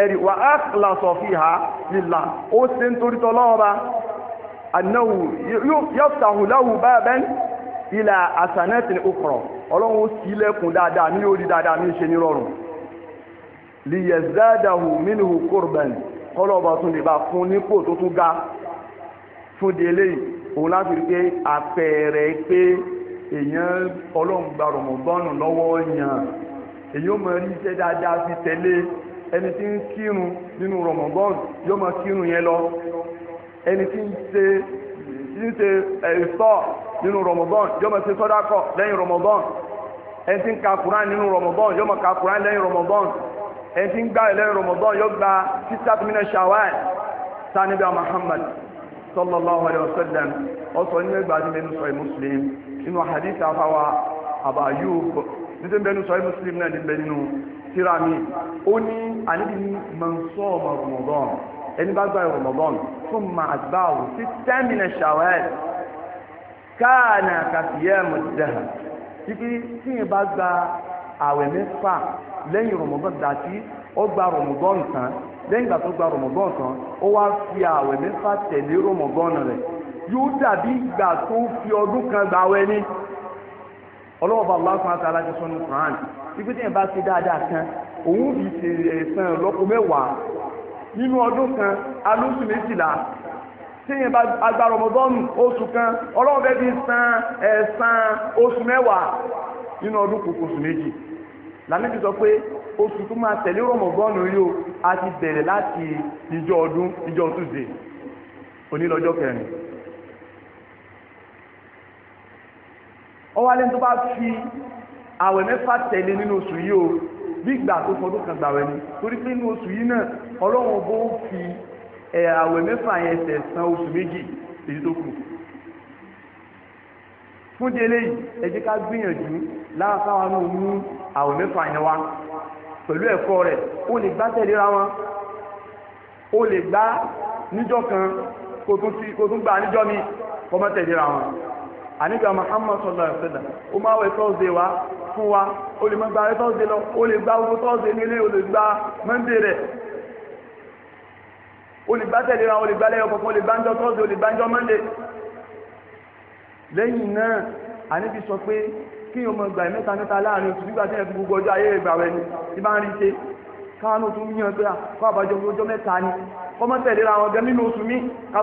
ẹ̀rí wà á là sọ fi hà lílà ó ṣe ń torí tọ́lọ́wọ́ bá anáwó yóò sàhùláwù báyàbẹ́n ilà àsànẹ́tì ní okòrò ọlọ́run ó sì lẹ́kùn dáadáa ní yóò rí dáadáa ní ṣe ní rọrùn lìyẹ̀zádàhù mínú kúrbẹ̀n kọ́lọ́ọ̀bà tún lè bá fún nípò tó tún ga fún délé òun láti rí pé àpẹẹrẹ pé èèyàn ọlọ́run gba rọ̀mọ̀bọ́nù lọ́wọ́ yàn èèyàn mọ̀ rí iṣẹ́ dáadáa fi tẹ̀lé ẹni tí ń kírun nínú rọmọgọ́ọ̀nù yóò máa kírun yẹn lọ ẹni tí ń ṣe ń ṣe ẹ̀sọ́ nínú rọmọgọ́ọ̀nù yóò máa ṣe sọ́dákọ̀ lẹ́yìn rọmọgọ́ọ̀nù ẹni tí ń ka kuran nínú rọmọgọ́ọ̀nù yóò máa ka kuran lẹ́yìn rọmọgọ́ọ̀nù ẹni tí ń gbà lẹ́yìn rọmọgọ́ọ̀nù yóò gba títà tó ṣàwáì sanibia Muhammad sallallahu alayhi wa sallam ọsọ nínú ẹgbàá ní bẹnu sọ muslim nínú hadith afawa abayub nítorí bẹnu sọ muslim náà ní bẹnu tíra mi ó ní àníbi ní mọ̀nsọ́ ọmọ Ramadan ẹni bá gba Ramadan tó máa àgbà wò sí tẹ́mìnà Shawwal káànà kàfíyẹ́ mọ̀tìdẹ́hà títí tí yẹn bá gba àwẹ̀ mẹ́fà lẹ́yìn Ramadan dàtí ó gba Ramadan tán lẹ́yìn ìgbà tó gba Ramadan tán ó wá fi àwẹ̀ mẹ́fà tẹ̀lé Ramadan rẹ̀ yóò dàbí ìgbà tó fi ọdún kan gbà wẹ̀ ní ọlọ́wọ́ bá Allah subhanahu wa ta'ala ti sọ ní Kùránì ibi tí yẹn bá ṣe dáadáa kan òun fi ṣe ẹ̀sán eh, lọ́kọ mẹ́wàá nínú ọdún kan alóṣù méjìlá tí yẹn bá agbára ọmọdọ́nù oṣù kan ọlọ́run bẹ́ẹ̀ fi san ẹ̀sán oṣù mẹ́wàá nínú ọdún kòkó oṣù méjì lànàbí sọ pé oṣù tó máa tẹ̀lé rọmọgọ́nù yìí o a ti bẹ̀rẹ̀ láti ìjọ ọdún ìjọ túnṣe onílọ́jọ́ kẹrin. ọwọ́ alẹ́ tó bá fi àwẹ̀ mẹ́fà tẹ̀lé nínú oṣù yìí o gbígbà tó fọdún kan gbàwẹ̀ ni torí pé nínú oṣù yìí náà ọlọ́run bó fi àwẹ̀ mẹ́fà yẹn tẹ̀ san oṣù méjì èyí tó kù fún délé yìí ẹ jẹ́ ká gbìyànjú láàkáwá náà mú àwẹ̀ mẹ́fà yẹn wá pẹ̀lú ẹ̀kọ́ rẹ̀ ó lè gbá tẹ̀léra wọn ó lè gbá níjọ́ kan kó tún gbà níjọ́ mi kọ́mọ́ tẹ̀léra wọn ànígbà Muhammad sallallahu alaihi wasallam ó máa wẹ̀ tọ́sídẹ̀ wá fún wa ó lè mọ́gbà rẹ tọ́sídẹ̀ lọ ó lè gba owó tọ́sídẹ̀ nílé ó lè gba mọ́ndé rẹ̀ ó lè bá tẹ̀lé ra ó lè gba lẹ́yọ kọ̀ọ̀kan ó lè bá ń jọ tọ́sídẹ̀ ó lè bá ń jọ mọ́ndé lẹ́yìn náà àníbi sọ pé kí o mọ̀ gbà mẹ́ta mẹ́ta láàrin oṣù nígbà tí ẹ gbogbo ọjọ́ ayé ìgbà rẹ̀ ni tí bá ń rí ṣe káwọn oṣù yíyan pé àkọ́ ah, àbájọ ọjọ́ mẹ́ta ni kọ́mọ́tẹ̀lé ra wọn gẹ́ nínú oṣù mi ká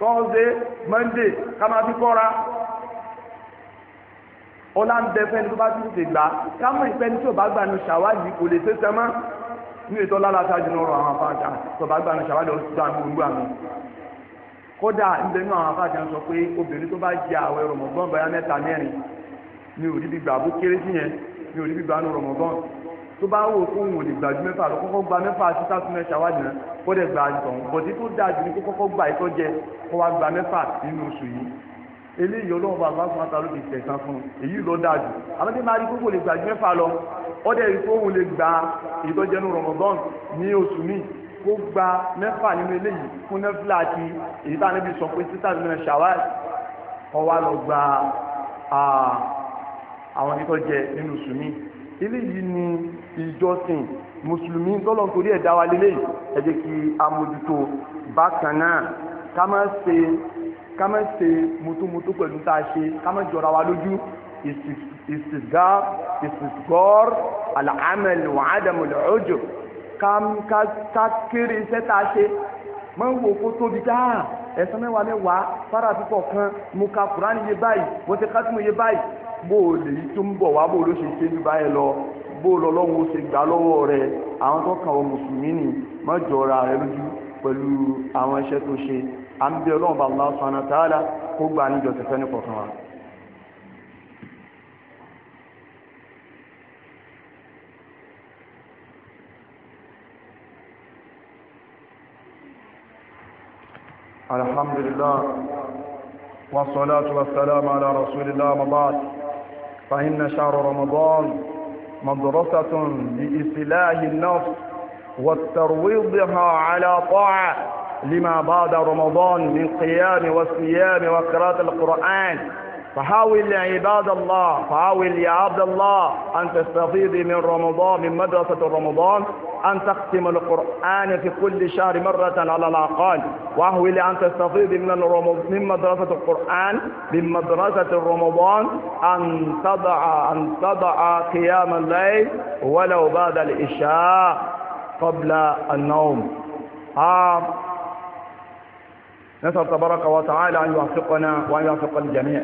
tọ́sídé mọ́ndé ká máa fi kọ́ra ọlá ń bẹ fẹ́ni tó bá ti gbà ká mọ̀ ìfẹ́ni tó bá gbà nu ṣàwádìí kò lè mọ́ ní ètò jù lọ́rọ̀ àwọn afáàjà tó bá gbà nu ṣàwádìí ó ti gbà mí gbogbo àmì kódà nínú àwọn afáàjà sọ tó bá wò kó òun ò lè gbàjú mẹ́fà lọ kọ́kọ́ gba mẹ́fà sí sáfù mẹ́ta wá jìnnà kó dẹ̀ gba àjọ̀hún bọ̀dí tó dáa jù ní kó kọ́kọ́ gba ìtọ́ jẹ kó wá gba mẹ́fà nínú oṣù yìí eléyìí ọlọ́run bàbá fún ata ló fi tẹ̀sán fún un èyí ló dáa jù àwọn tí máa rí kókò lè gbàjú mẹ́fà lọ ó dẹ̀ rí kó òun lè gba ìtọ́jẹnu Ramadan ní oṣù míì kó gba mẹ́fà nínú eléyìí fún nẹ́fìlà àti èyí tá a níbi sọ pé títà nínú ṣàwáì ọwọ́ lọ gba eléyìí ni ìjọsìn mùsùlùmí tọ́lọ̀ torí ẹ̀dá wa lélẹ̀ ẹ jẹ́ kí a mójútó bákan náà ká má ṣe ká má ṣe mutumutu pẹ̀lú tá a ṣe ká má jọra wa lójú istisgar istisgor alaamel wa adamul ujub ká kéré iṣẹ́ tá a ṣe máa ń wo kó tóbi dáa ẹ̀sán mẹ́wàá mẹ́wàá fara púpọ̀ kan mo ka kùránì yé báyìí mo yé báyìí bó o lè yí tó ń bọ̀ wá bó o ló ṣe ṣe jù báyìí lọ bó o lọ́lọ́run ó ṣe gbà lọ́wọ́ rẹ àwọn tó kàn wọ́n mùsùlùmí nì má jọra rẹ lójú pẹ̀lú àwọn iṣẹ́ tó ṣe à ń bẹ ọlọ́run bá Allah subhanahu wa kó gbà níjọ tẹ̀fẹ́ ní kọ̀ọ̀kan wa. alhamdulillah wa salatu wa salam ala rasulillah mabad. فإن شهر رمضان مدرسة لإصلاح النفس وترويضها على طاعة لما بعد رمضان من قيام والصيام وقراءة القرآن فحاول يا عباد الله حاول يا عبد الله أن تستفيد من رمضان من مدرسة رمضان أن تختم القرآن في كل شهر مرة على الأقل وحاول أن تستفيد من من مدرسة القرآن من مدرسة رمضان أن تضع أن تضع قيام الليل ولو بعد العشاء قبل النوم ها آه. نسأل تبارك وتعالى أن يوفقنا وأن يوفق الجميع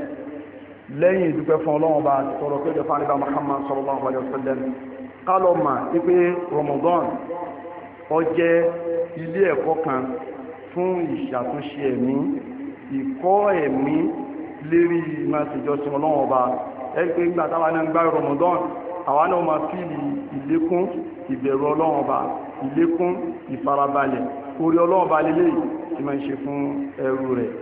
lẹ́yìn ìdúpẹ́ fún ọlọ́run bá sọ̀rọ̀ pé ìjọba àríwá Muhammad sallallahu alaihi wasallam kálọ̀ mà wípé Ramadan ó jẹ́ ilé ẹ̀kọ́ kan fún ìṣàtúnṣe ẹ̀mí ìkọ́ ẹ̀mí lérí máa ṣèjọsìn ọlọ́run ọba ẹ̀rí pé nígbà táwa náà ń gbá Ramadan àwa náà máa fíìlì ìlékún ìbẹ̀rù ọlọ́run ọba ìlékún ìfarabalẹ̀ orí ọlọ́run ọba lélẹ́yìí tí máa ń ṣe fún ẹrú rẹ̀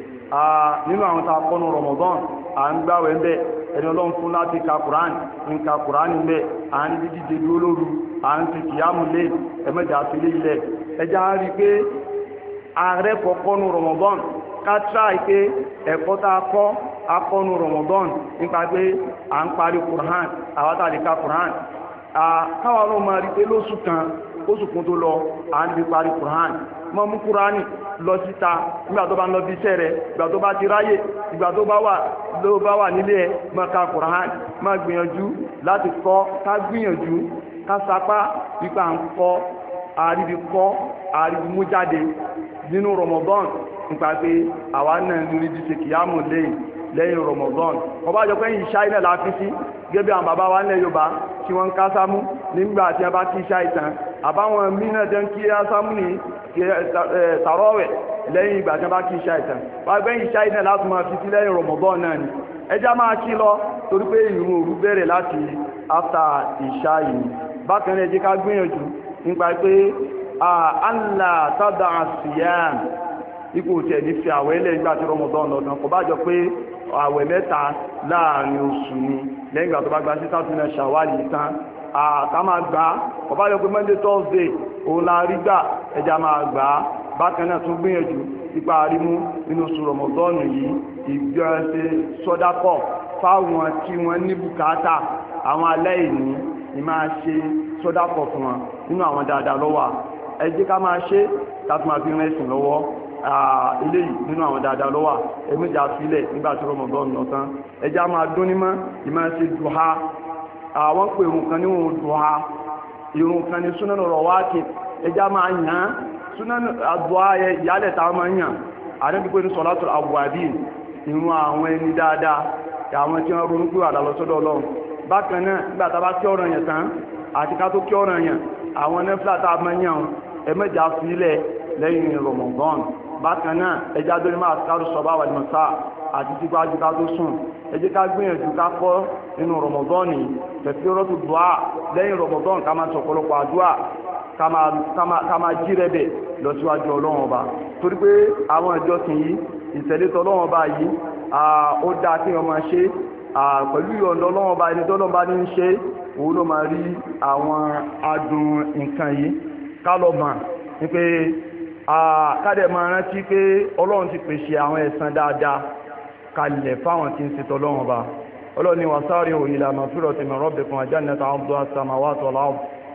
nínú àwọn tá a kọ́nu Ramadan à ń gbàwẹ̀ ńbẹ̀ ẹni ọlọ́run fún láti ka quran ń ka quran ńbẹ̀ à ń dídíje dúró lóru à ń ti kìyàmù lé ẹ̀mẹ́jà sílé ilẹ̀ ẹja rí pé ààrẹ kọ̀ọ̀kan nu rọ̀mọ̀bọ́n a kọ́ akọ́nu nípa pé a lè ka káwọn ọlọ́run máa kan oṣù kan tó lọ à ń mọ mú kúránì lọ síta nígbà tó bá ń lọ bí iṣẹ́ rẹ̀ ìgbà tó bá ti ráyè ìgbà tó bá wà ló bá wà nílé ẹ máa ka kúránì máa gbìyànjú láti kọ́ ká gbìyànjú ká sapá ipa ń kọ́ àríbi kọ́ àríbi mú jáde nínú Ramadan nípa pé àwa náà lórí ti ṣe kìyàmù lẹ́yìn lẹ́yìn Ramadan wọ́n bá jọ pé ìṣá iná la fi sí gẹ́gẹ́ bí àwọn bàbá wa nílẹ̀ Yorùbá tí wọ́n ń ká sámú nígbà tí wọ́n bá ti ìṣá ìtàn àbáwọn mìíràn jẹ́ ń kí sámú ní tàrọ́wẹ̀ lẹ́yìn ìgbà tí wọ́n bá kí ìṣá ìtàn wọ́n á gbé ìṣá iná láti máa fi sí lẹ́yìn Ramadan náà ni ẹja máa kí lọ torí pé ìrun òru bẹ̀rẹ̀ láti after ìṣá yìí bákan náà ẹ jẹ́ ká gbìyànjú nípa pé Allah tada àṣìyàn ipò tẹ̀ ní fi àwẹ́lẹ̀ ìgbà tí Ramadan lọ́dún kò bá jọ pé àwẹ̀ mẹ́ta láàrin oṣù ni lẹ́yìn ìgbà tó bá gba sísá tún náà ṣàwálì tán àtà máa gbà á ọba yọ pé monday thursday òun la rí gbà ẹja máa gbà á bákan náà tún gbìyànjú ipa rímú nínú oṣù rọmọdọ́ọ̀nù yìí ìgbọ́nsẹ̀ sọ́dápọ̀ fáwọn tí wọ́n ní bùkátà àwọn aláìní ni máa ṣe sọ́dápọ̀ fún wọn nínú àwọn dáadáa lọ́wọ́ ẹ jẹ́ ká máa ṣe tá a tún máa fi rán lọ́wọ́ eléyìí nínú àwọn dada lọ́wà ẹgbẹ́jà sílẹ̀ nígbà tí lọ tán ẹjá máa dún ní mọ́ ìmọ̀ ṣe dùhà àwọn pè irun kan níwọ̀n dùhà irun kan ní súnánù rọwátì ẹjá máa yàn án súnánù yẹ ìyálẹ̀ a máa yàn ní àwùwàbí irun àwọn ẹni dáadáa àwọn tí wọ́n ronú pé ọlọ́run bákan náà nígbà tá a bá kí yẹn tán àti ká tó kí yẹn àwọn tá a máa yàn ẹ̀mẹ́jà sílẹ̀ lẹ́yìn bákan náà ẹja tó ní máa kárù sọ̀bá wà lùmọ̀sá àti tíwájú ká tó sùn ẹ jẹ́ ká gbìyànjú ká kọ́ nínú rọmọdọ́ọ̀nì tẹ̀síọ́rọ́tù dùá lẹ́yìn rọmọdọ́ọ̀nì ká máa sọ̀pọ̀lọpọ̀ àdúrà ká máa jí rẹ̀bẹ̀ lọ síwájú ọlọ́run ọba torí pé àwọn ìjọsìn yìí ìtẹ̀lé tọlọ́run ọba yìí ó dáa kí wọ́n máa ṣe pẹ̀lú ìyọ̀ǹda ọlọ́run ọba ẹni tọ́lọ́run bá ní í ṣe òun ló máa rí àwọn adùn nǹkan yìí ká lọ mọ̀ ní pé kádẹ̀ máa rántí pé ọlọ́run ti pèsè àwọn ẹ̀san dáadáa kalẹ̀ fáwọn tí ń ṣe tọ́lọ́run ọba ọlọ́run ni wàsáàrí òyìn ìlànà fúrọ̀ tèmi rọ́bì kan ajá nẹta ọdún àtàmàwà tọ́lá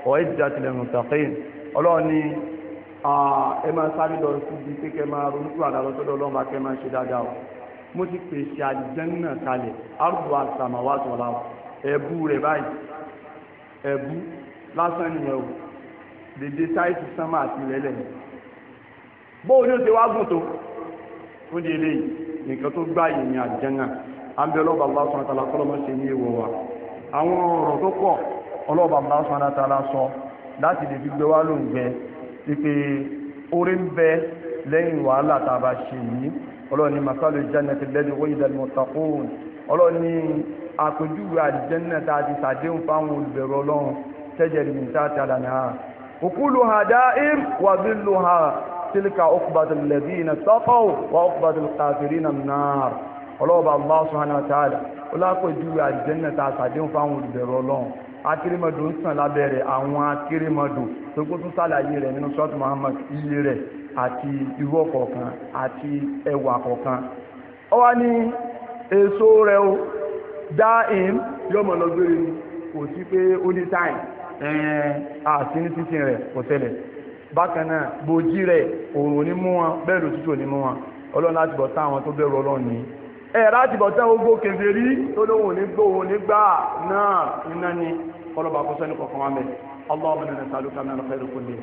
ọ̀ ẹ̀já tilẹ̀ mùtàkìn ọlọ́run ni ẹ máa sáré lọ sí ibi pé kẹ máa ronú tó àdá lọ́sọ́dọ̀ ọlọ́run bá kẹ máa ṣe dáadáa o mo ti pèsè àjẹ́nà kalẹ̀ àrùbọ̀ àtàmàwà tọ́lá ẹ̀bú rẹ̀ báyìí ẹ̀bú lásán nìyẹn o dèdè sáìtì bóun ní o ti wá gùn tó fún di eléyìí nǹkan tó gbá yìí ní àjẹnà àbẹ ọlọ́ba Allah subhanahu wa ta'ala kọ́lọ́mọ́ ṣe ní èèwọ̀ wa àwọn ọ̀rọ̀ tó pọ̀ ọlọ́ba Allah subhanahu wa ta'ala sọ láti lè fi gbé wá ló ń gbẹ pípé orí ń bẹ lẹ́yìn wàhálà tá a bá ṣe yìí ọlọ́ni masalu jannati lẹ́nu wíyídà mọ̀tàkùn ọlọ́ni àpèjúwe àjẹ́nà tá a ti sàdéhùn fáwọn olùbẹ̀rù ọlọ́run tẹ́jẹ̀ ní sáà tí a dànù ha تلك عقبة الذين اتقوا وعقبة الكافرين النار ọlọ́ọ̀bà allah subhanahu wa ta'ala ọlọ́pẹ̀júwe àjẹ́nà ta àtàdéhùn fáwọn olùbẹ̀rọ ọlọ́run akérèmọdò ń sàn lábẹ́rẹ̀ àwọn akérèmọdò tó kún tún sàlàyé rẹ̀ nínú sọ́ọ̀tù muhammad iye rẹ̀ àti irú ọ̀kọ̀ọ̀kan àti ẹwà kọ̀ọ̀kan ọ wá ní èso rẹ̀ o dá in yọmọ lọgbẹ́rẹ́ kò sí pé ó ní táìm ẹ̀ẹ́n àti ní sísìn rẹ̀ kò tẹ́lẹ̀ bákan náà bòjí rẹ̀ òòrùn ní mú wọn bẹ́ẹ̀ ló tútù ní mú wọn ọlọ́run láti bọ̀ táwọn tó bẹ̀rù ọlọ́run ní ẹ̀ láti bọ̀ táwọn ogbó kèfèrí tó lóhùn ní gbòhùn nígbà náà iná ni ọlọ́ba kó sẹ́ni kọ̀ọ̀kan wá mẹ́ اللهم انا نسالك من الخير كله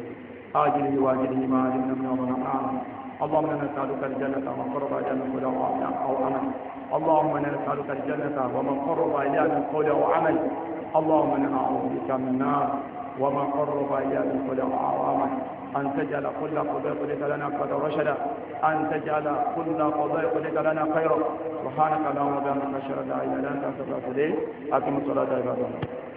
اجله واجله ما علمنا منه وما نعلم اللهم انا نسالك الجنه وما قرب اليها من قول او عمل اللهم انا نسالك الجنه وما قرب اليها من قول او عمل اللهم انا نعوذ بك من النار وما قرب اليها من قول او عمل أن تجعل كل قضيق لك لنا قد رشدا أن تجعل كل قضيق لك لنا خيرا سبحانك اللهم وبحمدك أشهد أن لا إله إلا أنت أستغفرك وأتوب إليك أقم الصلاة عباد الله